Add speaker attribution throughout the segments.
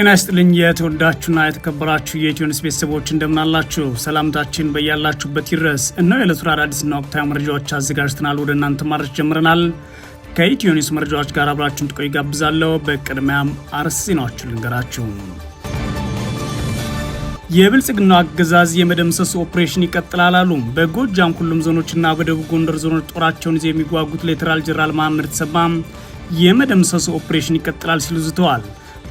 Speaker 1: ጤና ይስጥልኝ የተወዳችሁና የተከበራችሁ የኢትዮኒውስ ቤተሰቦች እንደምናላችሁ ሰላምታችን በያላችሁበት ይድረስ። እነው የዕለቱን አዳዲስና ወቅታዊ መረጃዎች አዘጋጅተናል ወደ እናንተ ማድረስ ጀምረናል። ከኢትዮኒውስ መረጃዎች ጋር አብራችሁን ጥቆይ ጋብዛለሁ። በቅድሚያም አርዕስተ ዜናዎችን ልንገራችሁ። የብልጽግናው አገዛዝ የመደምሰሱ ኦፕሬሽን ይቀጥላል አሉ። በጎጃም ሁሉም ዞኖችና በደቡብ ጎንደር ዞኖች ጦራቸውን ይዘው የሚጓጉት ሌተናል ጄኔራል መሐመድ ተሰማ የመደምሰሱ ኦፕሬሽን ይቀጥላል ሲሉ ዝተዋል።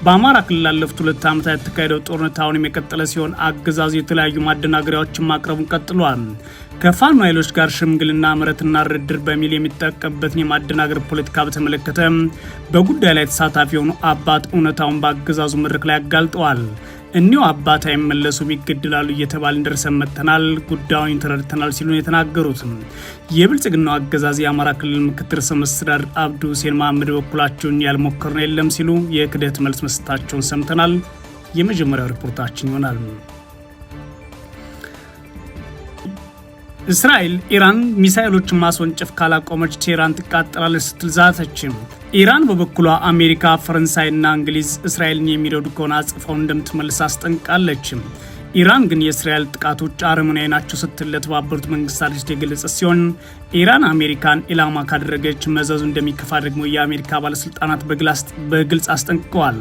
Speaker 1: በአማራ ክልል ላለፉት ሁለት ዓመታት የተካሄደው ጦርነት አሁንም የቀጠለ ሲሆን አገዛዙ የተለያዩ ማደናገሪያዎችን ማቅረቡን ቀጥሏል። ከፋኖ ኃይሎች ጋር ሽምግልና ምረትና ድርድር በሚል የሚጠቀምበትን የማደናገር ፖለቲካ በተመለከተ በጉዳይ ላይ ተሳታፊ የሆኑ አባት እውነታውን በአገዛዙ መድረክ ላይ አጋልጠዋል። እኒው አባት አይመለሱም ይገድላሉ እየተባል እንደርሰን መጥተናል። ጉዳዩን ተረድተናል ሲሉ ነው የተናገሩትም። የብልጽግናው አገዛዝ የአማራ ክልል ምክትል ርዕሰ መስተዳድር አብዱ ሁሴን መሐመድ በኩላቸውን ያልሞከርነው የለም ሲሉ የክደት መልስ መስጠታቸውን ሰምተናል። የመጀመሪያው ሪፖርታችን ይሆናል። እስራኤል ኢራን ሚሳኤሎችን ማስወንጨፍ ካላቆመች ቴህራን ትቃጠላለች ስትል ዛተችም። ኢራን በበኩሏ አሜሪካ፣ ፈረንሳይና እንግሊዝ እስራኤልን የሚረዱ ከሆነ አጽፋውን እንደምትመልስ አስጠንቃለች። ኢራን ግን የእስራኤል ጥቃቶች አረመኔያዊ ናቸው ስትል ለተባበሩት መንግስታት ድርጅት የገለጸ ሲሆን ኢራን አሜሪካን ኢላማ ካደረገች መዘዙ እንደሚከፋ ደግሞ የአሜሪካ ባለስልጣናት በግልጽ አስጠንቅቀዋል።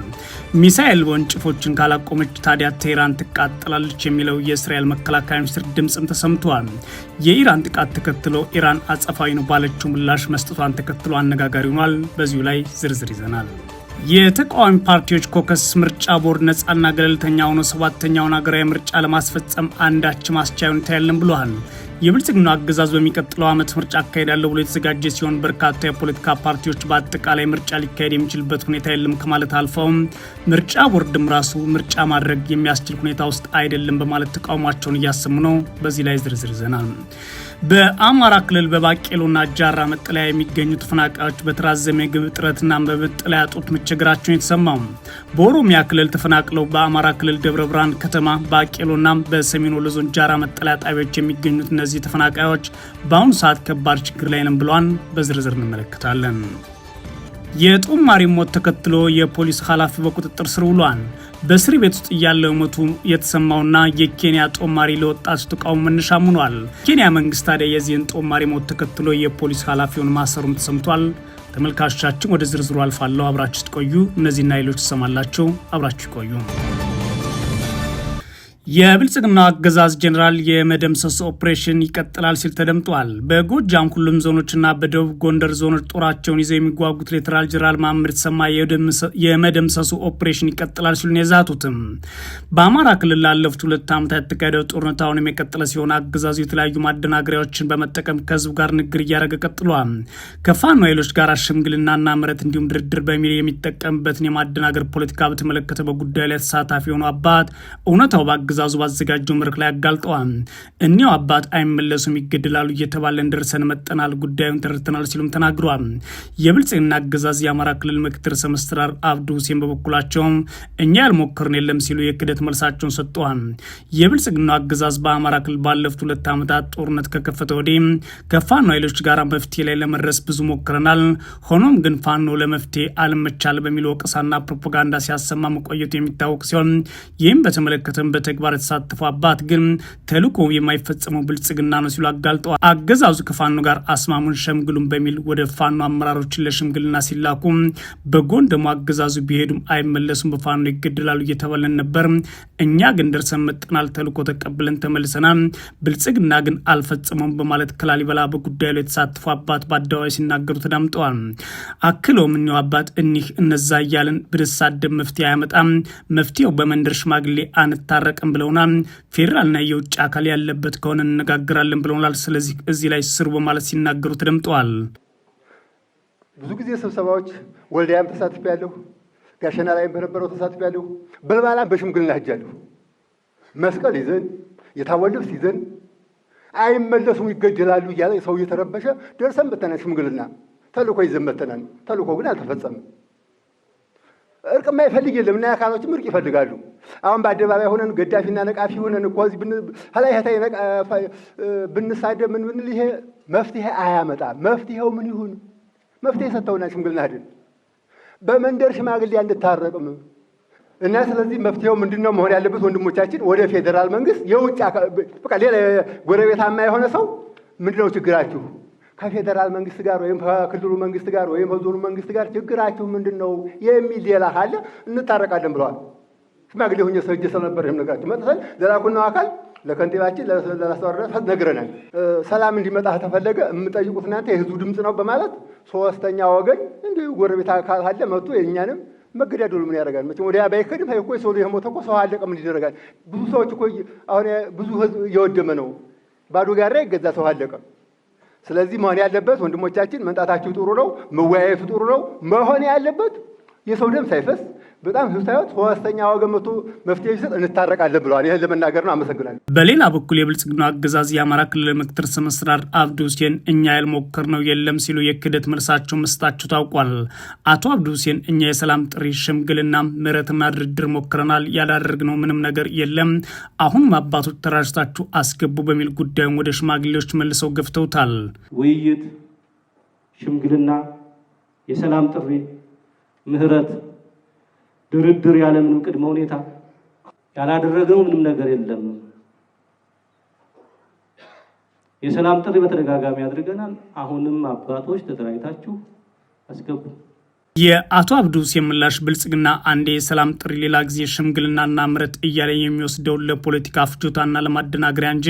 Speaker 1: ሚሳኤል ወንጭፎችን ካላቆመች ታዲያ ቴህራን ትቃጠላለች የሚለው የእስራኤል መከላከያ ሚኒስትር ድምፅም ተሰምቷል። የኢራን ጥቃት ተከትሎ ኢራን አጸፋዊ ነው ባለችው ምላሽ መስጠቷን ተከትሎ አነጋጋሪ ሆኗል። በዚሁ ላይ ዝርዝር ይዘናል። የተቃዋሚ ፓርቲዎች ኮከስ ምርጫ ቦርድ ነጻና ገለልተኛ ሆኖ ሰባተኛውን ሀገራዊ ምርጫ ለማስፈጸም አንዳች ማስቻያ ሁኔታ የለም ብለዋል። የብልጽግና አገዛዝ በሚቀጥለው ዓመት ምርጫ አካሄዳለሁ ብሎ የተዘጋጀ ሲሆን በርካታ የፖለቲካ ፓርቲዎች በአጠቃላይ ምርጫ ሊካሄድ የሚችልበት ሁኔታ የለም ከማለት አልፈውም ምርጫ ቦርድም ራሱ ምርጫ ማድረግ የሚያስችል ሁኔታ ውስጥ አይደለም በማለት ተቃውሟቸውን እያሰሙ ነው። በዚህ ላይ ዝርዝር ይዘናል። በአማራ ክልል በባቄሎና ጃራ መጠለያ የሚገኙ ተፈናቃዮች በተራዘመ የግብ እጥረትና በመጠለያ እጦት መቸገራቸውን የተሰማው። በኦሮሚያ ክልል ተፈናቅለው በአማራ ክልል ደብረ ብርሃን ከተማ ባቄሎና በሰሜን ወሎ ዞን ጃራ መጠለያ ጣቢያዎች የሚገኙት እነዚህ ተፈናቃዮች በአሁኑ ሰዓት ከባድ ችግር ላይ ነን ብለዋል። በዝርዝር እንመለከታለን። የጦማሪ ሞት ተከትሎ የፖሊስ ኃላፊ በቁጥጥር ስር ውሏል። በእስር ቤት ውስጥ እያለ መቱ የተሰማውና የኬንያ ጦማሪ ለወጣት ተቃውሞ መነሻ ሆኗል። ኬንያ መንግስት ታዲያ የዚህን ጦማሪ ሞት ተከትሎ የፖሊስ ኃላፊውን ማሰሩም ተሰምቷል። ተመልካቾቻችን ወደ ዝርዝሩ አልፋለሁ። አብራችሁ ትቆዩ። እነዚህና ሌሎች ትሰማላችሁ። አብራችሁ ይቆዩ። የብልጽግና አገዛዝ ጀኔራል የመደምሰስ ኦፕሬሽን ይቀጥላል ሲል ተደምጧል። በጎጃም ሁሉም ዞኖችና በደቡብ ጎንደር ዞኖች ጦራቸውን ይዘው የሚጓጉት ሌተናል ጀኔራል ማምር የተሰማ የመደምሰሱ ኦፕሬሽን ይቀጥላል ሲሉን የዛቱትም በአማራ ክልል ላለፉት ሁለት ዓመታት የተካሄደው ጦርነት አሁንም የቀጠለ ሲሆን አገዛዙ የተለያዩ ማደናገሪያዎችን በመጠቀም ከህዝቡ ጋር ንግግር እያደረገ ቀጥሏል። ከፋኖ ኃይሎች ጋር ሽምግልናና ምረት እንዲሁም ድርድር በሚል የሚጠቀምበትን የማደናገር ፖለቲካ በተመለከተ በጉዳዩ ላይ ተሳታፊ የሆኑ አባት እውነታው አገዛዙ ባዘጋጀው መድረክ ላይ አጋልጠዋል። እኒያው አባት አይመለሱም ይገድላሉ እየተባለን ደርሰን መጠናል፣ ጉዳዩን ተረድተናል ሲሉም ተናግረዋል። የብልጽግና አገዛዝ የአማራ ክልል ምክትል ርዕሰ መስተዳድር አብዱ ሁሴን በበኩላቸውም እኛ ያልሞከርን የለም ሲሉ የክደት መልሳቸውን ሰጥተዋል። የብልጽግናው አገዛዝ በአማራ ክልል ባለፉት ሁለት ዓመታት ጦርነት ከከፈተ ወዲህ ከፋኖ ኃይሎች ጋር መፍትሄ ላይ ለመድረስ ብዙ ሞክረናል። ሆኖም ግን ፋኖ ለመፍትሄ አልመቻል በሚል ወቀሳና ፕሮፓጋንዳ ሲያሰማ መቆየቱ የሚታወቅ ሲሆን ይህም በተመለከተም በተግባር ተግባር የተሳተፉ አባት ግን ተልዕኮው የማይፈጸመው ብልጽግና ነው ሲሉ አጋልጠዋል። አገዛዙ ከፋኖ ጋር አስማሙን ሸምግሉን በሚል ወደ ፋኖ አመራሮችን ለሽምግልና ሲላኩ በጎን ደግሞ አገዛዙ ቢሄዱም አይመለሱም፣ በፋኖ ይገደላሉ እየተባለን ነበር። እኛ ግን ደርሰን መጠናል፣ ተልኮ ተቀብለን ተመልሰናል። ብልጽግና ግን አልፈጸመም በማለት ከላሊበላ በጉዳዩ ላይ የተሳተፉ አባት በአደባባይ ሲናገሩ ተዳምጠዋል። አክሎ እኒው አባት እኒህ እነዛ እያለን ብንሳደብ መፍትሄ አያመጣም፣ መፍትሄው በመንደር ሽማግሌ አንታረቅም ብለውናል። ፌዴራልና የውጭ አካል ያለበት ከሆነ እነጋግራለን ብለውናል። ስለዚህ እዚህ ላይ ስሩ በማለት ሲናገሩ ተደምጠዋል። ብዙ ጊዜ ስብሰባዎች ወልዳያም ተሳትፍ ያለሁ ጋሸና ላይም በነበረው ተሳትፍ ያለሁ በልባላም በሽምግልና ሄጃለሁ። መስቀል ይዘን የታወል ልብስ ይዘን አይመለሱም ይገደላሉ እያለ ሰው እየተረበሸ ደርሰን መተናል። ሽምግልና ተልኮ ይዘን መተናል። ተልኮ ግን አልተፈጸምም። እርቅ የማይፈልግ የለም እና አካሎችም እርቅ ይፈልጋሉ። አሁን በአደባባይ ሆነን ገዳፊና ነቃፊ ሆነን እኮ ላይ ብንሳደብ ምን ብንል ይሄ መፍትሄ አያመጣም። መፍትሄው ምን ይሁን? መፍትሄ ሰጥተውና ሽምግልና በመንደር ሽማግሌ እንድታረቅም እና ስለዚህ መፍትሄው ምንድን ነው መሆን ያለበት? ወንድሞቻችን ወደ ፌዴራል መንግስት የውጭ ሌላ ጎረቤታማ የሆነ ሰው ምንድነው ችግራችሁ ከፌዴራል መንግስት ጋር ወይም ከክልሉ መንግስት ጋር ወይም ከዞኑ መንግስት ጋር ችግራችሁ ምንድን ነው የሚል ሌላ ካለ እንታረቃለን ብለዋል። ሽማግሌ ሁኜ ሰጅ ስለነበር ይህም ነገራቸው መጥተን ለላኩናው አካል ለከንቲባችን ለአስተዳዳሪ ነግረናል። ሰላም እንዲመጣ ከተፈለገ የምጠይቁት እናንተ የህዝቡ ድምፅ ነው በማለት ሶስተኛ ወገን እንዲሁ ጎረቤት አካል ካለ መጥቶ የእኛንም መገዳደሉ ምን ያደርጋል? መቼም ወዲያ ባይከድም እኮ ሰው የሞተ እኮ ሰው አለቀ ምን ይደረጋል? ብዙ ሰዎች እኮ አሁን ብዙ ህዝብ እየወደመ ነው። ባዶ ጋራ ይገዛ ሰው አለቀም ስለዚህ መሆን ያለበት ወንድሞቻችን፣ መምጣታችሁ ጥሩ ነው፣ መወያየቱ ጥሩ ነው። መሆን ያለበት የሰው ደም ሳይፈስ በጣም ህብታዊት ሶስተኛ ወገን መቶ መፍትሄ ቢሰጥ እንታረቃለን ብለዋል። ይህን ለመናገር ነው። አመሰግናለሁ። በሌላ በኩል የብልጽግና አገዛዝ የአማራ ክልል ምክትር ስምስራር አብዱ ሁሴን እኛ ነው የለም ሲሉ የክደት መልሳቸው መስጣቸው ታውቋል። አቶ አብዱ ሁሴን እኛ የሰላም ጥሪ፣ ሽምግልና፣ ምህረትና ድርድር ሞክረናል። ያላደረግነው ምንም ነገር የለም። አሁንም አባቶች ተራጅታችሁ አስገቡ በሚል ጉዳዩን ወደ ሽማግሌዎች መልሰው ገፍተውታል። ውይይት፣ ሽምግልና፣ የሰላም ጥሪ ምህረት ድርድር ያለምንም ቅድመ ሁኔታ ያላደረግነው ምንም ነገር የለም። የሰላም ጥሪ በተደጋጋሚ አድርገናል። አሁንም አባቶች ተደራጅታችሁ አስገቡ። የአቶ አብዱስ የምላሽ ብልጽግና አንዴ የሰላም ጥሪ ሌላ ጊዜ ሽምግልናና ምረት እያለ የሚወስደውን ለፖለቲካ ፍጆታና ለማደናገሪያ እንጂ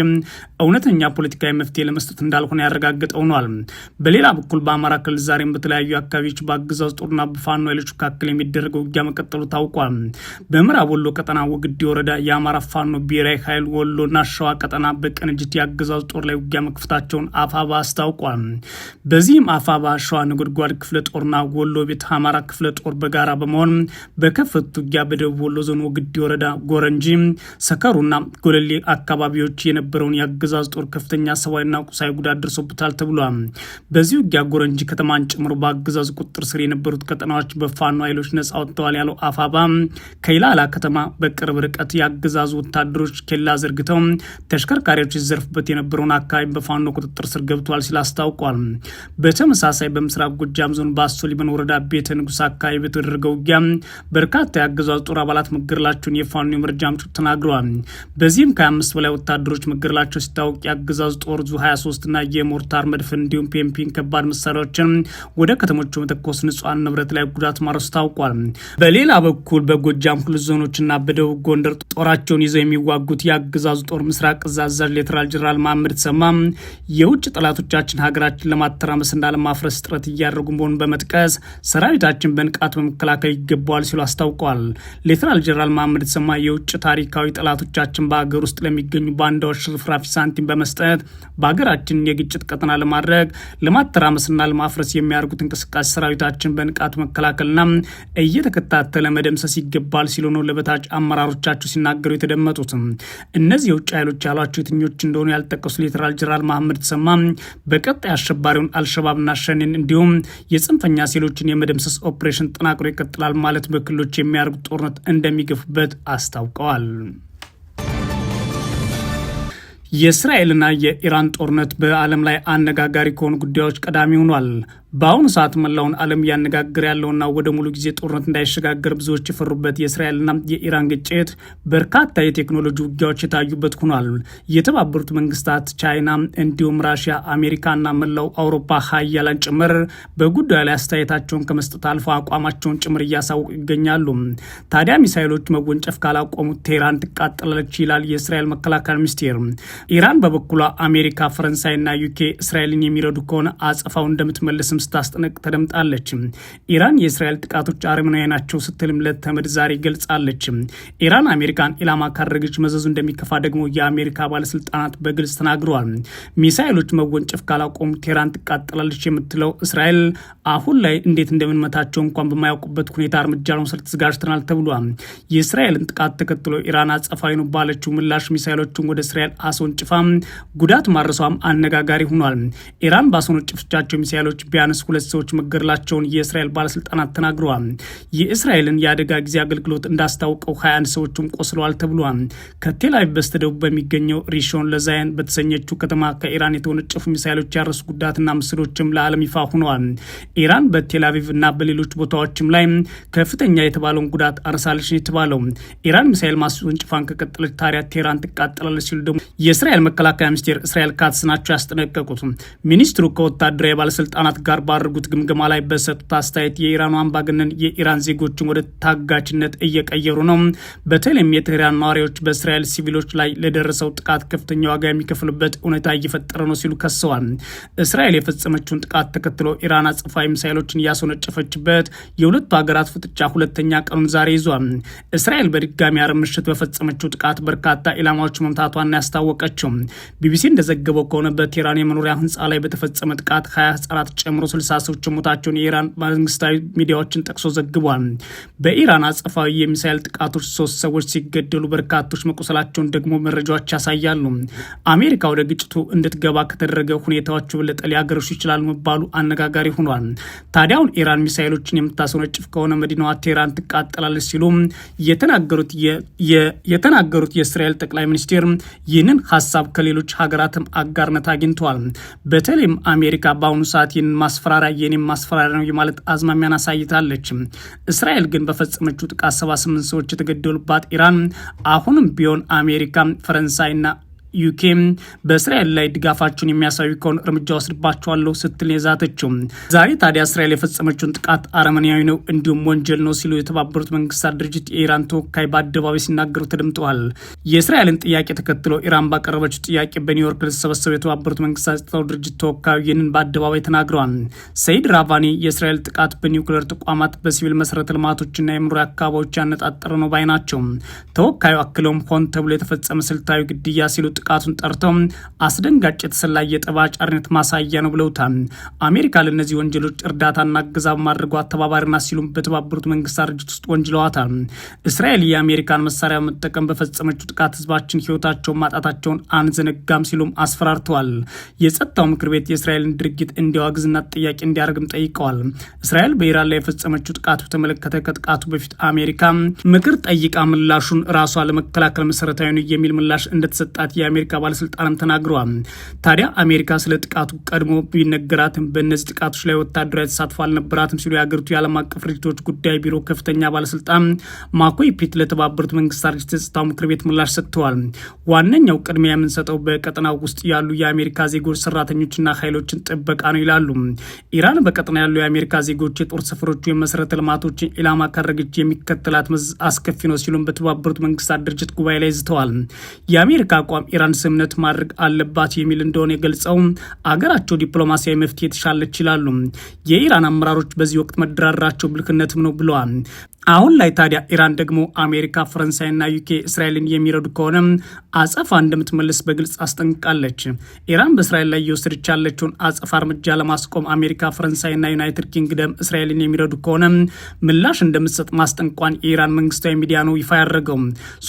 Speaker 1: እውነተኛ ፖለቲካዊ መፍትሄ ለመስጠት እንዳልሆነ ያረጋግጠው ነዋል። በሌላ በኩል በአማራ ክልል ዛሬም በተለያዩ አካባቢዎች በአገዛዝ ጦርና በፋኖ ኃይሎች መካከል የሚደረገው ውጊያ መቀጠሉ ታውቋል። በምዕራብ ወሎ ቀጠና ወግዲ ወረዳ የአማራ ፋኖ ብሔራዊ ኃይል ወሎና ሸዋ ቀጠና በቅንጅት የአገዛዝ ጦር ላይ ውጊያ መክፈታቸውን አፋባ አስታውቋል። በዚህም አፋባ ሸዋ ነጎድጓድ ክፍለ ጦርና ወሎ ቤት ከአማራ ክፍለ ጦር በጋራ በመሆን በከፈቱት ውጊያ በደቡብ ወሎ ዞን ወግዲ ወረዳ ጎረንጂ፣ ሰከሩና ጎለሌ አካባቢዎች የነበረውን የአገዛዝ ጦር ከፍተኛ ሰብአዊና ቁሳዊ ጉዳት ደርሶበታል ተብሏል። በዚህ ውጊያ ጎረንጂ ከተማን ጨምሮ በአገዛዝ ቁጥጥር ስር የነበሩት ቀጠናዎች በፋኖ ኃይሎች ነጻ ወጥተዋል ያለው አፋባ ከኢላላ ከተማ በቅርብ ርቀት የአገዛዙ ወታደሮች ኬላ ዘርግተው ተሽከርካሪዎች ይዘርፉበት የነበረውን አካባቢ በፋኖ ቁጥጥር ስር ገብቷል ሲል አስታውቋል። በተመሳሳይ በምስራቅ ጎጃም ዞን በአሶ ሊበን ወረዳ ቤት ቤተ ንጉስ አካባቢ በተደረገው ውጊያ በርካታ የአገዛዝ ጦር አባላት መገደላቸውን የፋኖ የመረጃ ምንጮች ተናግረዋል። በዚህም ከአምስት በላይ ወታደሮች መገደላቸው ሲታወቅ የአገዛዝ ጦር ዙ 23 እና የሞርታር መድፍ እንዲሁም ፔምፒን ከባድ መሳሪያዎችን ወደ ከተሞቹ መተኮስ ንጹሐን ንብረት ላይ ጉዳት ማድረሱ ታውቋል። በሌላ በኩል በጎጃም ሁለት ዞኖችና በደቡብ ጎንደር ጦራቸውን ይዘው የሚዋጉት የአገዛዙ ጦር ምስራቅ እዝ አዛዥ ሌተናል ጀነራል መሐመድ ተሰማ የውጭ ጠላቶቻችን ሀገራችን ለማተራመስ እና ለማፍረስ ጥረት እያደረጉ መሆኑን በመጥቀስ ሰራዊ ሰራዊታችን በንቃት በመከላከል ይገባዋል ሲሉ አስታውቀዋል። ሌተናል ጀነራል መሐመድ የተሰማ የውጭ ታሪካዊ ጠላቶቻችን በሀገር ውስጥ ለሚገኙ ባንዳዎች ርፍራፊ ሳንቲም በመስጠት በሀገራችን የግጭት ቀጠና ለማድረግ ለማተራመስና ለማፍረስ የሚያደርጉት እንቅስቃሴ ሰራዊታችን በንቃት መከላከልና እየተከታተለ መደምሰስ ይገባል ሲሉ ነው ለበታች አመራሮቻቸው ሲናገሩ የተደመጡትም። እነዚህ የውጭ ኃይሎች ያሏቸው የትኞች እንደሆኑ ያልጠቀሱ ሌተናል ጀነራል መሐመድ የተሰማ በቀጣይ አሸባሪውን አልሸባብና ሸኔን እንዲሁም የጽንፈኛ ሴሎችን የመደምሰ የማደምሰስ ኦፕሬሽን ጠናቅሮ ይቀጥላል ማለት በክልሎች የሚያደርጉት ጦርነት እንደሚገፉበት አስታውቀዋል። የእስራኤልና የኢራን ጦርነት በዓለም ላይ አነጋጋሪ ከሆኑ ጉዳዮች ቀዳሚ ሆኗል። በአሁኑ ሰዓት መላውን ዓለም እያነጋገረ ያለውና ወደ ሙሉ ጊዜ ጦርነት እንዳይሸጋገር ብዙዎች የፈሩበት የእስራኤልና የኢራን ግጭት በርካታ የቴክኖሎጂ ውጊያዎች የታዩበት ሆኗል። የተባበሩት መንግስታት፣ ቻይና እንዲሁም ራሽያ፣ አሜሪካና መላው አውሮፓ ሀያላን ጭምር በጉዳዩ ላይ አስተያየታቸውን ከመስጠት አልፎ አቋማቸውን ጭምር እያሳወቁ ይገኛሉ። ታዲያ ሚሳይሎች መወንጨፍ ካላቆሙት ቴህራን ትቃጠላለች ይላል የእስራኤል መከላከያ ሚኒስቴር። ኢራን በበኩሏ አሜሪካ፣ ፈረንሳይና ዩኬ እስራኤልን የሚረዱ ከሆነ አጸፋው እንደምትመልስም ስታስጠነቅ ተደምጣለች። ኢራን የእስራኤል ጥቃቶች አረመኔያዊ ናቸው ስትልም ለተመድ ዛሬ ገልጻለች። ኢራን አሜሪካን ኢላማ ካደረገች መዘዙ እንደሚከፋ ደግሞ የአሜሪካ ባለስልጣናት በግልጽ ተናግረዋል። ሚሳይሎች መወንጨፍ ካላቆሙ ቴህራን ትቃጠላለች የምትለው እስራኤል አሁን ላይ እንዴት እንደምንመታቸው እንኳን በማያውቁበት ሁኔታ እርምጃ ለመውሰድ ተዘጋጅተናል ተብሏል። የእስራኤልን ጥቃት ተከትሎ ኢራን አጸፋዊ ነው ባለችው ምላሽ ሚሳይሎችን ወደ እስራኤል አስወ አስወንጭፋ ጉዳት ማድረሷም አነጋጋሪ ሆኗል። ኢራን ባስወነጨፈቻቸው ሚሳይሎች ቢያንስ ሁለት ሰዎች መገደላቸውን የእስራኤል ባለስልጣናት ተናግረዋል። የእስራኤልን የአደጋ ጊዜ አገልግሎት እንዳስታውቀው 21 ሰዎችም ቆስለዋል ተብሏል። ከቴልአቪቭ በስተደቡብ በሚገኘው ሪሾን ለዛይን በተሰኘችው ከተማ ከኢራን የተወነጨፉ ሚሳይሎች ያረሱ ጉዳትና ምስሎችም ለዓለም ይፋ ሆነዋል። ኢራን በቴልአቪቭ እና በሌሎች ቦታዎችም ላይ ከፍተኛ የተባለውን ጉዳት አርሳለች የተባለው ኢራን ሚሳይል ማስወንጭፋን ከቀጠለች ታዲያ ቴራን ትቃጠላለች ሲሉ ደግሞ የእስራኤል መከላከያ ሚኒስቴር እስራኤል ካትስ ናቸው ያስጠነቀቁት። ሚኒስትሩ ከወታደራዊ ባለስልጣናት ጋር ባደረጉት ግምገማ ላይ በሰጡት አስተያየት የኢራኑ አምባገነን የኢራን ዜጎችን ወደ ታጋችነት እየቀየሩ ነው። በተለይም የቴህራን ነዋሪዎች በእስራኤል ሲቪሎች ላይ ለደረሰው ጥቃት ከፍተኛ ዋጋ የሚከፍሉበት ሁኔታ እየፈጠረ ነው ሲሉ ከሰዋል። እስራኤል የፈጸመችውን ጥቃት ተከትሎ ኢራን አጽፋዊ ሚሳይሎችን እያስወነጨፈችበት የሁለቱ ሀገራት ፍጥጫ ሁለተኛ ቀኑን ዛሬ ይዟል። እስራኤል በድጋሚ አርብ ምሽት በፈጸመችው ጥቃት በርካታ ኢላማዎች መምታቷን ያስታወቀ ሰጠችው። ቢቢሲ እንደዘገበው ከሆነ በቴህራን የመኖሪያ ህንፃ ላይ በተፈጸመ ጥቃት ሀያ ህጻናት ጨምሮ ስልሳ ሰዎች ሞታቸውን የኢራን መንግስታዊ ሚዲያዎችን ጠቅሶ ዘግቧል። በኢራን አጸፋዊ የሚሳይል ጥቃቶች ሶስት ሰዎች ሲገደሉ በርካቶች መቆሰላቸውን ደግሞ መረጃዎች ያሳያሉ። አሜሪካ ወደ ግጭቱ እንድትገባ ከተደረገ ሁኔታዎች በለጠ ሊያገረሹ ይችላል መባሉ አነጋጋሪ ሆኗል። ታዲያውን ኢራን ሚሳይሎችን የምታስወነጭፍ ከሆነ መዲናዋ ቴህራን ትቃጠላለች ሲሉ የተናገሩት የእስራኤል ጠቅላይ ሚኒስቴር ይህንን ሀሳብ ከሌሎች ሀገራትም አጋርነት አግኝተዋል። በተለይም አሜሪካ በአሁኑ ሰዓት ይህን ማስፈራሪያ የኔም ማስፈራሪያ ነው የማለት አዝማሚያን አሳይታለች። እስራኤል ግን በፈጸመችው ጥቃት 78 ሰዎች የተገደሉባት ኢራን አሁንም ቢሆን አሜሪካ፣ ፈረንሳይና ዩኬም በእስራኤል ላይ ድጋፋቸውን የሚያሳዩ ከሆኑ እርምጃ ወስድባቸዋለሁ ስትል የዛተችው ዛሬ ታዲያ እስራኤል የፈጸመችውን ጥቃት አረመኔያዊ ነው እንዲሁም ወንጀል ነው ሲሉ የተባበሩት መንግስታት ድርጅት የኢራን ተወካይ በአደባባይ ሲናገሩ ተደምጠዋል። የእስራኤልን ጥያቄ ተከትሎ ኢራን ባቀረበችው ጥያቄ በኒውዮርክ ለተሰበሰቡ የተባበሩት መንግስታት ጸጥታው ድርጅት ተወካዩ ይህንን በአደባባይ ተናግረዋል። ሰይድ ራቫኒ የእስራኤል ጥቃት በኒውክሌር ተቋማት፣ በሲቪል መሰረተ ልማቶችና የምሮ አካባቢዎች ያነጣጠረ ነው ባይ ናቸው። ተወካዩ አክለውም ሆን ተብሎ የተፈጸመ ስልታዊ ግድያ ሲሉ ጥቃቱን ጠርተው አስደንጋጭ የተሰላ የጠባ ጫሪነት ማሳያ ነው ብለውታል። አሜሪካ ለእነዚህ ወንጀሎች እርዳታና እገዛ ማድረጉ አተባባሪና ሲሉም በተባበሩት መንግስታት ድርጅት ውስጥ ወንጅለዋታል። እስራኤል የአሜሪካን መሳሪያ መጠቀም በፈጸመችው ጥቃት ህዝባችን ህይወታቸውን ማጣታቸውን አንዘነጋም ሲሉም አስፈራርተዋል። የጸጥታው ምክር ቤት የእስራኤልን ድርጊት እንዲዋግዝና ጥያቄ እንዲያደርግም ጠይቀዋል። እስራኤል በኢራን ላይ የፈጸመችው ጥቃት በተመለከተ ከጥቃቱ በፊት አሜሪካ ምክር ጠይቃ ምላሹን ራሷ ለመከላከል መሰረታዊ ነው የሚል ምላሽ እንደተሰጣት የአሜሪካ ባለስልጣናት ተናግረዋል። ታዲያ አሜሪካ ስለ ጥቃቱ ቀድሞ ቢነገራትም በእነዚህ ጥቃቶች ላይ ወታደራዊ ተሳትፎ አልነበራትም ሲሉ የሀገሪቱ የዓለም አቀፍ ድርጅቶች ጉዳይ ቢሮ ከፍተኛ ባለስልጣን ማኮይ ፒት ለተባበሩት መንግስታት ድርጅት የጸጥታው ምክር ቤት ምላሽ ሰጥተዋል። ዋነኛው ቅድሚያ የምንሰጠው በቀጠናው ውስጥ ያሉ የአሜሪካ ዜጎች ሰራተኞችና ኃይሎችን ጥበቃ ነው ይላሉ። ኢራን በቀጠና ያሉ የአሜሪካ ዜጎች የጦር ሰፈሮች የመሰረተ ልማቶችን ኢላማ ካረገች የሚከተላት መዘዝ አስከፊ ነው ሲሉም በተባበሩት መንግስታት ድርጅት ጉባኤ ላይ ዝተዋል። የአሜሪካ አቋም ኢራን ስምምነት ማድረግ አለባት የሚል እንደሆነ የገልጸው አገራቸው ዲፕሎማሲያዊ መፍትሄ ትሻለች ይላሉ። የኢራን አመራሮች በዚህ ወቅት መደራደራቸው ብልክነትም ነው ብለዋል። አሁን ላይ ታዲያ ኢራን ደግሞ አሜሪካ፣ ፈረንሳይና ዩኬ እስራኤልን የሚረዱ ከሆነ አጸፋ እንደምትመልስ በግልጽ አስጠንቅቃለች። ኢራን በእስራኤል ላይ እየወሰደች ያለችውን አጸፋ እርምጃ ለማስቆም አሜሪካ፣ ፈረንሳይና ዩናይትድ ኪንግደም እስራኤልን የሚረዱ ከሆነ ምላሽ እንደምትሰጥ ማስጠንቋን የኢራን መንግስታዊ ሚዲያ ነው ይፋ ያደረገው።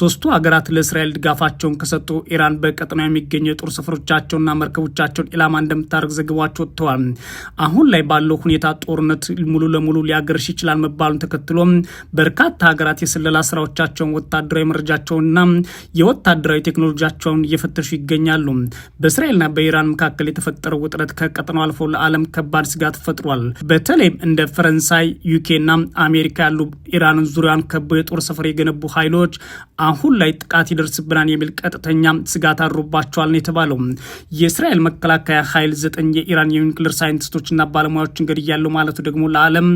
Speaker 1: ሶስቱ ሀገራት ለእስራኤል ድጋፋቸውን ከሰጡ ኢራን ሱዳን በቀጠናው የሚገኙ የጦር ሰፈሮቻቸውና መርከቦቻቸውን ኢላማ እንደምታደርግ ዘግቧቸው ወጥተዋል። አሁን ላይ ባለው ሁኔታ ጦርነት ሙሉ ለሙሉ ሊያገርሽ ይችላል መባሉን ተከትሎ በርካታ ሀገራት የስለላ ስራዎቻቸውን፣ ወታደራዊ መረጃቸውንና የወታደራዊ ቴክኖሎጂቸውን እየፈተሹ ይገኛሉ። በእስራኤልና በኢራን መካከል የተፈጠረው ውጥረት ከቀጠናው አልፎ ለዓለም ከባድ ስጋት ፈጥሯል። በተለይም እንደ ፈረንሳይ፣ ዩኬና አሜሪካ ያሉ ኢራንን ዙሪያን ከበው የጦር ሰፈር የገነቡ ኃይሎች አሁን ላይ ጥቃት ይደርስብናል የሚል ቀጥተኛ ስጋት ስጋት አድሮባቸዋል ነው የተባለው። የእስራኤል መከላከያ ኃይል ዘጠኝ የኢራን የኒውክሌር ሳይንቲስቶችና ባለሙያዎችን ገድያለሁ ማለቱ ደግሞ ለዓለም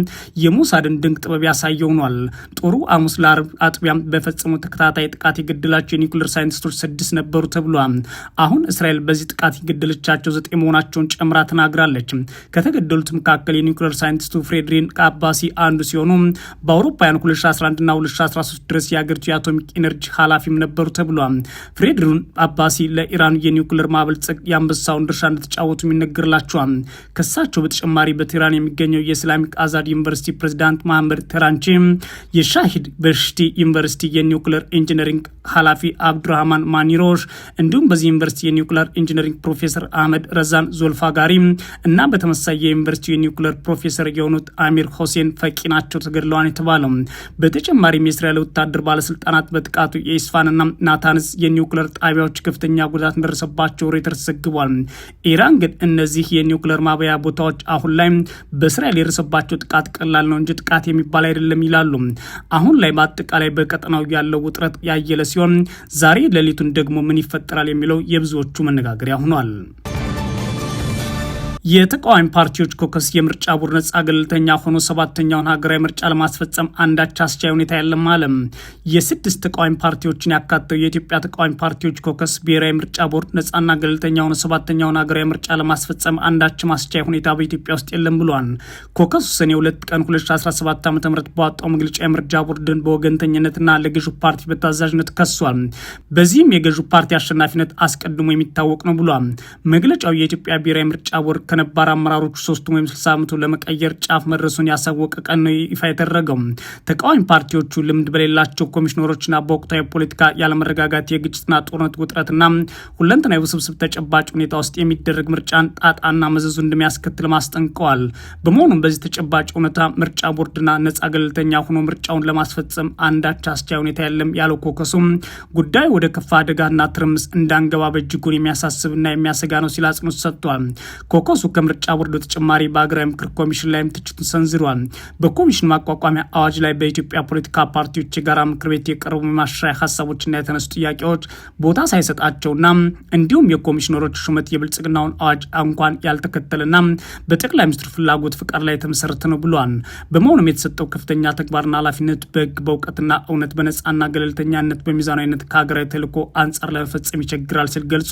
Speaker 1: የሞሳድን ድንቅ ጥበብ ያሳየ ሆኗል። ጦሩ አሙስ ለአርብ አጥቢያ በፈጸሙ ተከታታይ ጥቃት የገደላቸው የኒውክሌር ሳይንቲስቶች ስድስት ነበሩ ተብሏል። አሁን እስራኤል በዚህ ጥቃት የገደለቻቸው ዘጠኝ መሆናቸውን ጨምራ ተናግራለች። ከተገደሉት መካከል የኒውክሌር ሳይንቲስቱ ፍሬድሪን ቃባሲ አንዱ ሲሆኑ በአውሮፓውያን 2011ና 2013 ድረስ የአገሪቱ የአቶሚክ ኤነርጂ ኃላፊም ነበሩ ተብሏል። ፍሬድሪን አባ አባሲ ለኢራን የኒውክሌር ማበልጸግ የአንበሳውን ድርሻ እንደተጫወቱ ይነገርላቸዋል። ከሳቸው በተጨማሪ በቴህራን የሚገኘው የእስላሚክ አዛድ ዩኒቨርሲቲ ፕሬዚዳንት መሐመድ ተራንቺ፣ የሻሂድ በሽቲ ዩኒቨርሲቲ የኒውክሌር ኢንጂነሪንግ ኃላፊ አብዱራህማን ማኒሮሽ እንዲሁም በዚህ ዩኒቨርሲቲ የኒውክሌር ኢንጂነሪንግ ፕሮፌሰር አህመድ ረዛን ዞልፋ ጋሪ እና በተመሳይ የዩኒቨርሲቲ የኒውክሌር ፕሮፌሰር የሆኑት አሚር ሆሴን ፈቂ ናቸው ተገድለዋል የተባለው። በተጨማሪም የእስራኤል ወታደር ባለስልጣናት በጥቃቱ የኢስፋንና ናታንዝ የኒውክሌር ጣቢያዎች ከፍተኛ ጉዳት እንደደረሰባቸው ሬተርስ ዘግቧል። ኢራን ግን እነዚህ የኒውክሌር ማብያ ቦታዎች አሁን ላይ በእስራኤል የደረሰባቸው ጥቃት ቀላል ነው እንጂ ጥቃት የሚባል አይደለም ይላሉ። አሁን ላይ በአጠቃላይ በቀጠናው ያለው ውጥረት ያየለ ሲሆን ዛሬ ሌሊቱን ደግሞ ምን ይፈጠራል የሚለው የብዙዎቹ መነጋገሪያ ሆኗል። የተቃዋሚ ፓርቲዎች ኮከስ የምርጫ ቦርድ ነጻ ገለልተኛ ሆኖ ሰባተኛውን ሀገራዊ ምርጫ ለማስፈጸም አንዳች አስቻይ ሁኔታ ያለም አለም የስድስት ተቃዋሚ ፓርቲዎችን ያካተው የኢትዮጵያ ተቃዋሚ ፓርቲዎች ኮከስ ብሔራዊ ምርጫ ቦርድ ነጻና ገለልተኛ ሆኖ ሰባተኛውን ሀገራዊ ምርጫ ለማስፈጸም አንዳች ማስቻይ ሁኔታ በኢትዮጵያ ውስጥ የለም ብሏል። ኮከሱ ሰኔ ሁለት ቀን 2017 ዓ ም በወጣው መግለጫ የምርጫ ቦርድን በወገንተኝነትና ለገዢ ፓርቲ በታዛዥነት ከሷል። በዚህም የገዢ ፓርቲ አሸናፊነት አስቀድሞ የሚታወቅ ነው ብሏል። መግለጫው የኢትዮጵያ ብሔራዊ ምርጫ ቦርድ ከነባር አመራሮቹ ሶስቱም ወይም ስልሳ ዓመቱ ለመቀየር ጫፍ መድረሱን ያሳወቀ ቀን ነው ይፋ የተደረገው። ተቃዋሚ ፓርቲዎቹ ልምድ በሌላቸው ኮሚሽነሮችና በወቅታዊ ፖለቲካ ያለመረጋጋት፣ የግጭትና ጦርነት ውጥረትና ሁለንተና የውስብስብ ተጨባጭ ሁኔታ ውስጥ የሚደረግ ምርጫን ጣጣና መዘዙ እንደሚያስከትል ማስጠንቀዋል። በመሆኑም በዚህ ተጨባጭ እውነታ ምርጫ ቦርድና ነጻ ገለልተኛ ሆኖ ምርጫውን ለማስፈጸም አንዳች አስቻይ ሁኔታ የለም ያለው ኮከሱም ጉዳዩ ወደ ከፋ አደጋና ትርምስ እንዳንገባ በእጅጉን የሚያሳስብና የሚያሰጋ ነው ሲል አጽንኦት ሰጥቷል። ኮከሱ ራሱ ከምርጫ ቦርድ በተጨማሪ በሀገራዊ ምክር ኮሚሽን ላይም ትችቱን ሰንዝሯል። በኮሚሽን ማቋቋሚያ አዋጅ ላይ በኢትዮጵያ ፖለቲካ ፓርቲዎች የጋራ ምክር ቤት የቀረቡ የማሻሻያ ሀሳቦችና የተነሱ ጥያቄዎች ቦታ ሳይሰጣቸውና እንዲሁም የኮሚሽነሮች ሹመት የብልጽግናውን አዋጅ እንኳን ያልተከተለና በጠቅላይ ሚኒስትር ፍላጎት ፍቃድ ላይ የተመሰረተ ነው ብሏል። በመሆኑም የተሰጠው ከፍተኛ ተግባርና ኃላፊነት በህግ በእውቀትና እውነት በነጻና ገለልተኛነት በሚዛናዊነት ከሀገራዊ ተልዕኮ አንጻር ለመፈጸም ይቸግራል ሲል ገልጿል።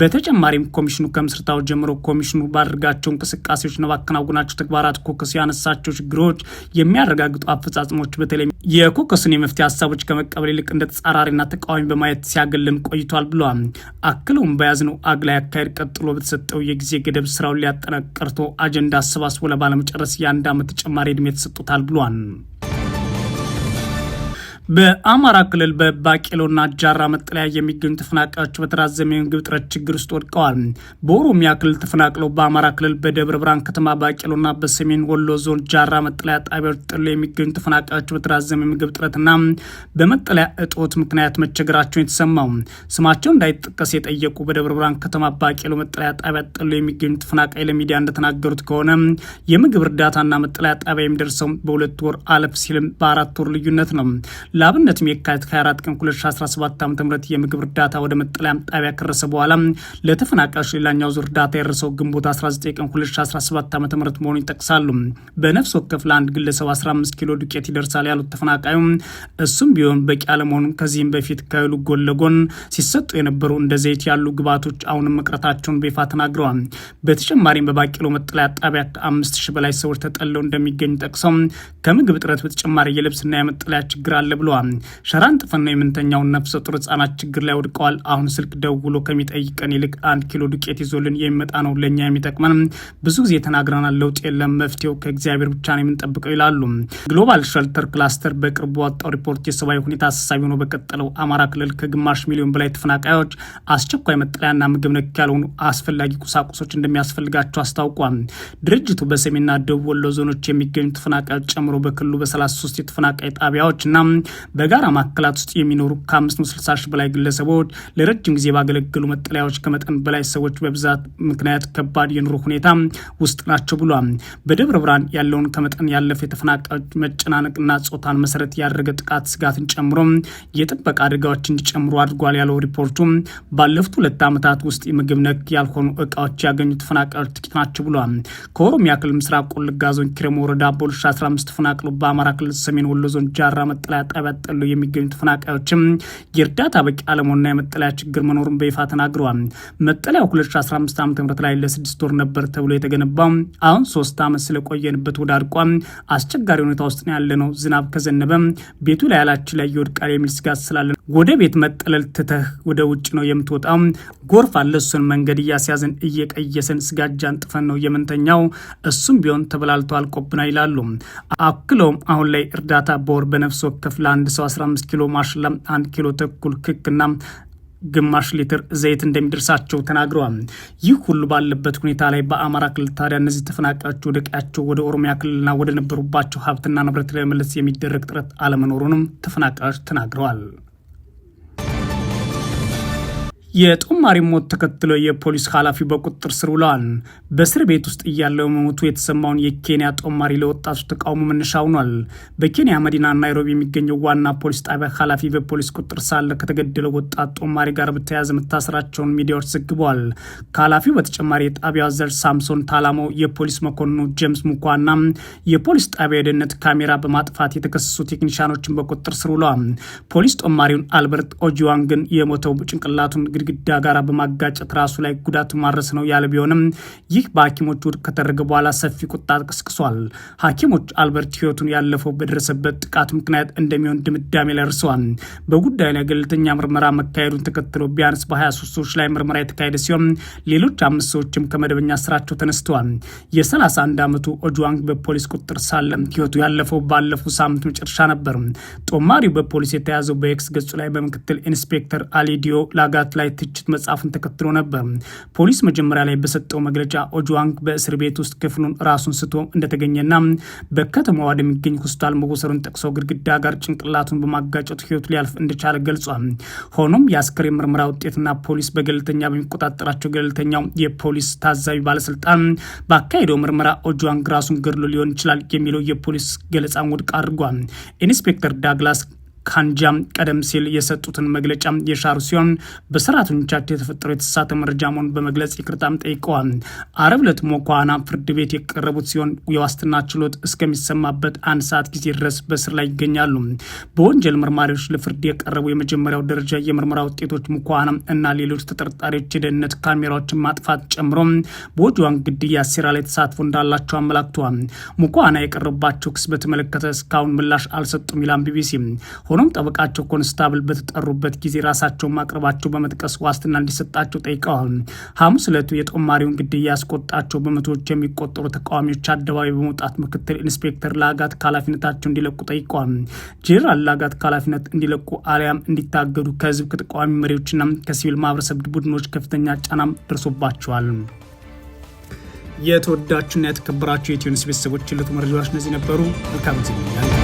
Speaker 1: በተጨማሪም ኮሚሽኑ ከምስርታው ጀምሮ ኮሚሽኑ ባደርጋቸው እንቅስቃሴዎች ነው ባከናውናቸው ተግባራት ኮከስ ያነሳቸው ችግሮች የሚያረጋግጡ አፈጻጽሞች በተለይ የኮከስን የመፍትሄ ሀሳቦች ከመቀበል ይልቅ እንደ ተጻራሪና ተቃዋሚ በማየት ሲያገልም ቆይቷል ብሏል። አክለውም በያዝነው አግላይ አካሄድ ቀጥሎ በተሰጠው የጊዜ ገደብ ስራውን ሊያጠናቀርቶ አጀንዳ አሰባስቦ ለባለመጨረስ የአንድ ዓመት ተጨማሪ እድሜ ተሰጥቶታል ብሏል። በአማራ ክልል በባቄሎና ጃራ መጠለያ የሚገኙ ተፈናቃዮች በተራዘመ የምግብ እጥረት ችግር ውስጥ ወድቀዋል። በኦሮሚያ ክልል ተፈናቅለው በአማራ ክልል በደብረ ብርሃን ከተማ ባቄሎና በሰሜን ወሎ ዞን ጃራ መጠለያ ጣቢያዎች ጥሎ የሚገኙ ተፈናቃዮች በተራዘመ የምግብ እጥረትና በመጠለያ እጦት ምክንያት መቸገራቸውን የተሰማው ስማቸው እንዳይጠቀስ የጠየቁ በደብረ ብርሃን ከተማ ባቄሎ መጠለያ ጣቢያ ጥሎ የሚገኙ ተፈናቃይ ለሚዲያ እንደተናገሩት ከሆነ የምግብ እርዳታና መጠለያ ጣቢያ የሚደርሰው በሁለት ወር አለፍ ሲልም በአራት ወር ልዩነት ነው። ለአብነትም የካቲት 24 ቀን 2017 ዓ ም የምግብ እርዳታ ወደ መጠለያ ጣቢያ ከረሰ በኋላ ለተፈናቃዮች ሌላኛው ዙር እርዳታ የደረሰው ግንቦት 19 ቀን 2017 ዓ ም መሆኑን ይጠቅሳሉ። በነፍስ ወከፍ ለአንድ ግለሰብ 15 ኪሎ ዱቄት ይደርሳል ያሉት ተፈናቃዩ እሱም ቢሆን በቂ አለመሆኑ ከዚህም በፊት ከእህሉ ጎን ለጎን ሲሰጡ የነበሩ እንደ ዘይት ያሉ ግብዓቶች አሁንም መቅረታቸውን በይፋ ተናግረዋል። በተጨማሪም በባቂሎ መጠለያ ጣቢያ ከአምስት ሺህ በላይ ሰዎች ተጠለው እንደሚገኙ ጠቅሰው ከምግብ እጥረት በተጨማሪ የልብስና የመጠለያ ችግር አለ ብለዋል። ሸራ እንጥፈን ነው የምንተኛውን ነፍሰ ጡር ህጻናት ችግር ላይ ወድቀዋል። አሁን ስልክ ደውሎ ከሚጠይቀን ይልቅ አንድ ኪሎ ዱቄት ይዞልን የሚመጣ ነው ለእኛ የሚጠቅመን። ብዙ ጊዜ ተናግረናል፣ ለውጥ የለም፣ መፍትሄው ከእግዚአብሔር ብቻ ነው የምንጠብቀው ይላሉ። ግሎባል ሸልተር ክላስተር በቅርቡ ወጣው ሪፖርት የሰብአዊ ሁኔታ አሳሳቢ ሆኖ በቀጠለው አማራ ክልል ከግማሽ ሚሊዮን በላይ ተፈናቃዮች አስቸኳይ መጠለያና ምግብ ነክ ያልሆኑ አስፈላጊ ቁሳቁሶች እንደሚያስፈልጋቸው አስታውቋል። ድርጅቱ በሰሜንና ደቡብ ወሎ ዞኖች የሚገኙ ተፈናቃዮች ጨምሮ በክልሉ በ33 የተፈናቃይ ጣቢያዎች እና በጋራ ማዕከላት ውስጥ የሚኖሩ ከ560 ሺህ በላይ ግለሰቦች ለረጅም ጊዜ ባገለገሉ መጠለያዎች ከመጠን በላይ ሰዎች በብዛት ምክንያት ከባድ የኑሮ ሁኔታ ውስጥ ናቸው ብሏል። በደብረ ብርሃን ያለውን ከመጠን ያለፈ የተፈናቃዮች መጨናነቅና ጾታን መሰረት ያደረገ ጥቃት ስጋትን ጨምሮ የጥበቃ አደጋዎች እንዲጨምሩ አድርጓል ያለው ሪፖርቱ ባለፉት ሁለት ዓመታት ውስጥ የምግብ ነክ ያልሆኑ እቃዎች ያገኙ ተፈናቃዮች ጥቂት ናቸው ብሏል። ከኦሮሚያ ክልል ምስራቅ ቆልጋ ዞን ወረዳ በ2015 ተፈናቅሎ በአማራ ክልል ሰሜን ወሎ ዞን ጃራ መጠለያ ጣቢያ ጣቢያ ተጠልሎ የሚገኙ ተፈናቃዮችም የእርዳታ በቂ አለመሆንና የመጠለያ ችግር መኖሩን በይፋ ተናግረዋል። መጠለያው 2015 ዓ ም ላይ ለስድስት ወር ነበር ተብሎ የተገነባው አሁን ሶስት ዓመት ስለቆየንበት ወደ አድቋ አስቸጋሪ ሁኔታ ውስጥ ነው ያለነው። ዝናብ ከዘነበ ቤቱ ላይ ያላችን ላይ ይወድቃል የሚል ስጋት ስላለ ወደ ቤት መጠለል ትተህ ወደ ውጭ ነው የምትወጣው። ጎርፍ አለሱን መንገድ እያስያዝን እየቀየሰን ስጋጃን ጥፈን ነው የምንተኛው። እሱም ቢሆን ተበላልቶ አልቆብና ይላሉ። አክለውም አሁን ላይ እርዳታ በወር በነፍስ ወከፍ ለአንድ ሰው 15 ኪሎ ማሽላ፣ 1 ኪሎ ተኩል ክክና ግማሽ ሊትር ዘይት እንደሚደርሳቸው ተናግረዋል። ይህ ሁሉ ባለበት ሁኔታ ላይ በአማራ ክልል ታዲያ እነዚህ ተፈናቃዮች ወደ ቀያቸው ወደ ኦሮሚያ ክልልና ወደ ነበሩባቸው ሀብትና ንብረት ለመመለስ የሚደረግ ጥረት አለመኖሩንም ተፈናቃዮች ተናግረዋል። የጦማሪ ሞት ተከትሎ የፖሊስ ኃላፊ በቁጥጥር ስር ውለዋል። በእስር ቤት ውስጥ እያለው መሞቱ የተሰማውን የኬንያ ጦማሪ ለወጣቱ ተቃውሞ መነሻ ሆኗል። በኬንያ መዲና ናይሮቢ የሚገኘው ዋና ፖሊስ ጣቢያ ኃላፊ በፖሊስ ቁጥጥር ሳለ ከተገደለው ወጣት ጦማሪ ጋር በተያያዘ መታሰራቸውን ሚዲያዎች ዘግበዋል። ከኃላፊው በተጨማሪ የጣቢያው አዛዥ ሳምሶን ታላሞ፣ የፖሊስ መኮንኑ ጄምስ ሙኳና የፖሊስ ጣቢያ የደህንነት ካሜራ በማጥፋት የተከሰሱ ቴክኒሻኖችን በቁጥጥር ስር ውለዋል። ፖሊስ ጦማሪውን አልበርት ኦጂዋንግን የሞተው ጭንቅላቱን ግድግዳ ጋር በማጋጨት ራሱ ላይ ጉዳት ማድረስ ነው ያለ ቢሆንም ይህ በሐኪሞች ውድቅ ከተደረገ በኋላ ሰፊ ቁጣ ቀስቅሷል። ሐኪሞች አልበርት ህይወቱን ያለፈው በደረሰበት ጥቃት ምክንያት እንደሚሆን ድምዳሜ ላይ ደርሰዋል። በጉዳዩ ላይ ገለልተኛ ምርመራ መካሄዱን ተከትሎ ቢያንስ በ23 ሰዎች ላይ ምርመራ የተካሄደ ሲሆን ሌሎች አምስት ሰዎችም ከመደበኛ ስራቸው ተነስተዋል። የ31 ዓመቱ ኦጁዋንግ በፖሊስ ቁጥጥር ሳለ ህይወቱ ያለፈው ባለፈው ሳምንት መጨረሻ ነበር። ጦማሪው በፖሊስ የተያዘው በኤክስ ገጹ ላይ በምክትል ኢንስፔክተር አሊዲዮ ላጋት ላይ ትችት መጽሐፍን ተከትሎ ነበር። ፖሊስ መጀመሪያ ላይ በሰጠው መግለጫ ኦጅዋንግ በእስር ቤት ውስጥ ክፍሉን ራሱን ስቶ እንደተገኘና በከተማዋ ወደሚገኝ ሆስፒታል መወሰዱን ጠቅሶ ግድግዳ ጋር ጭንቅላቱን በማጋጨቱ ህይወቱ ሊያልፍ እንደቻለ ገልጿል። ሆኖም የአስከሬን ምርመራ ውጤትና ፖሊስ በገለልተኛ በሚቆጣጠራቸው ገለልተኛው የፖሊስ ታዛቢ ባለስልጣን ባካሄደው ምርመራ ኦጅዋንግ ራሱን ገድሎ ሊሆን ይችላል የሚለው የፖሊስ ገለጻን ውድቅ አድርጓል። ኢንስፔክተር ዳግላስ ካንጃም ቀደም ሲል የሰጡትን መግለጫ የሻሩ ሲሆን በሰራተኞቻቸው የተፈጠረው የተሳተ መረጃ መሆኑን በመግለጽ ይቅርታም ጠይቀዋል። አረብ ዕለት ሞኳና ፍርድ ቤት የቀረቡት ሲሆን የዋስትና ችሎት እስከሚሰማበት አንድ ሰዓት ጊዜ ድረስ በስር ላይ ይገኛሉ። በወንጀል መርማሪዎች ለፍርድ የቀረቡ የመጀመሪያው ደረጃ የምርመራ ውጤቶች ሙኳና እና ሌሎች ተጠርጣሪዎች የደህንነት ካሜራዎችን ማጥፋት ጨምሮ በወጅዋን ግድያ ሴራ ላይ ተሳትፎ እንዳላቸው አመላክተዋል። ሙኳና የቀረባቸው ክስ በተመለከተ እስካሁን ምላሽ አልሰጡም ይላም ቢቢሲ። ሆኖም ጠበቃቸው ኮንስታብል በተጠሩበት ጊዜ ራሳቸውን ማቅረባቸው በመጥቀስ ዋስትና እንዲሰጣቸው ጠይቀዋል። ሐሙስ ዕለቱ የጦማሪውን ግድያ ያስቆጣቸው በመቶዎች የሚቆጠሩ ተቃዋሚዎች አደባባይ በመውጣት ምክትል ኢንስፔክተር ላጋት ከኃላፊነታቸው እንዲለቁ ጠይቀዋል። ጄኔራል ላጋት ከኃላፊነት እንዲለቁ አሊያም እንዲታገዱ ከህዝብ ከተቃዋሚ መሪዎችና ከሲቪል ማህበረሰብ ቡድኖች ከፍተኛ ጫናም ደርሶባቸዋል። የተወዳችሁና የተከበራችሁ የኢትዮ ኒውስ ቤተሰቦች ዕለቱ መረጃዎች እነዚህ ነበሩ። መልካም ዜና